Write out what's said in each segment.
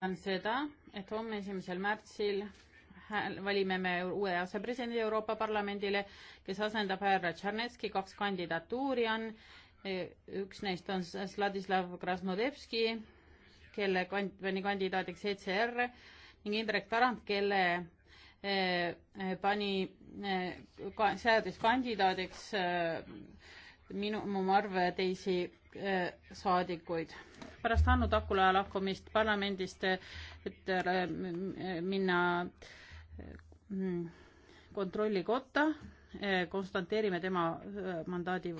on seda, et homme, esimesel märtsil valime me uue asepresidendi Euroopa Parlamendile, kes asendab härra Tšernetski, kaks kandidatuuri on. üks neist on Sladislav Krasnodebski, kelle kand-, kandidaadiks ECR ning Indrek Tarand, kelle eh, pani eh,, ka-, seadis kandidaadiks eh, minu, mu arve teisi eh, saadikuid pärast Hannu Takula lahkumist parlamendist, et äh, minna mm, kontrollikotta, äh, konstanteerime tema äh, mandaadi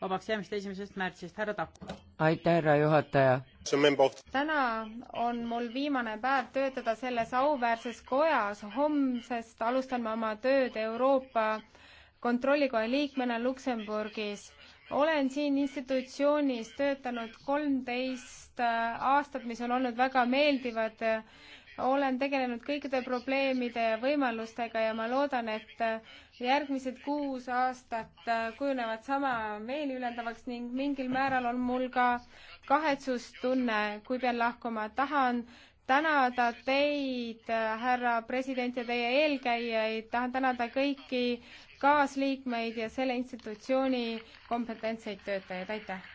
vabaks jäämist esimesest märtsist. härra Takula. aitäh, härra juhataja. täna on mul viimane päev töötada selles auväärses kojas. homsest alustan ma oma tööd Euroopa kontrollikoja liikmena Luksemburgis olen siin institutsioonis töötanud kolmteist äh, aastat, mis on olnud väga meeldivad. olen tegelenud kõikide probleemide ja võimalustega ja ma loodan, et äh, järgmised kuus aastat äh, kujunevad sama meeliülendavaks ning mingil määral on mul ka kahetsustunne, kui pean lahkuma. tahan tänada teid, härra president ja teie eelkäijaid, tahan tänada kõiki kaasliikmeid ja selle institutsiooni kompetentseid töötajaid, aitäh!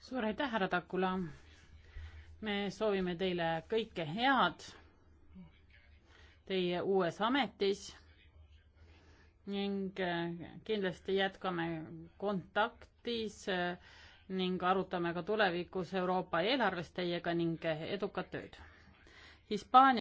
suur aitäh, härra Takula! me soovime teile kõike head teie uues ametis ning äh, kindlasti jätkame kontaktis äh, ning arutame ka tulevikus Euroopa eelarvest teiega ning äh, edukat tööd. Hispaania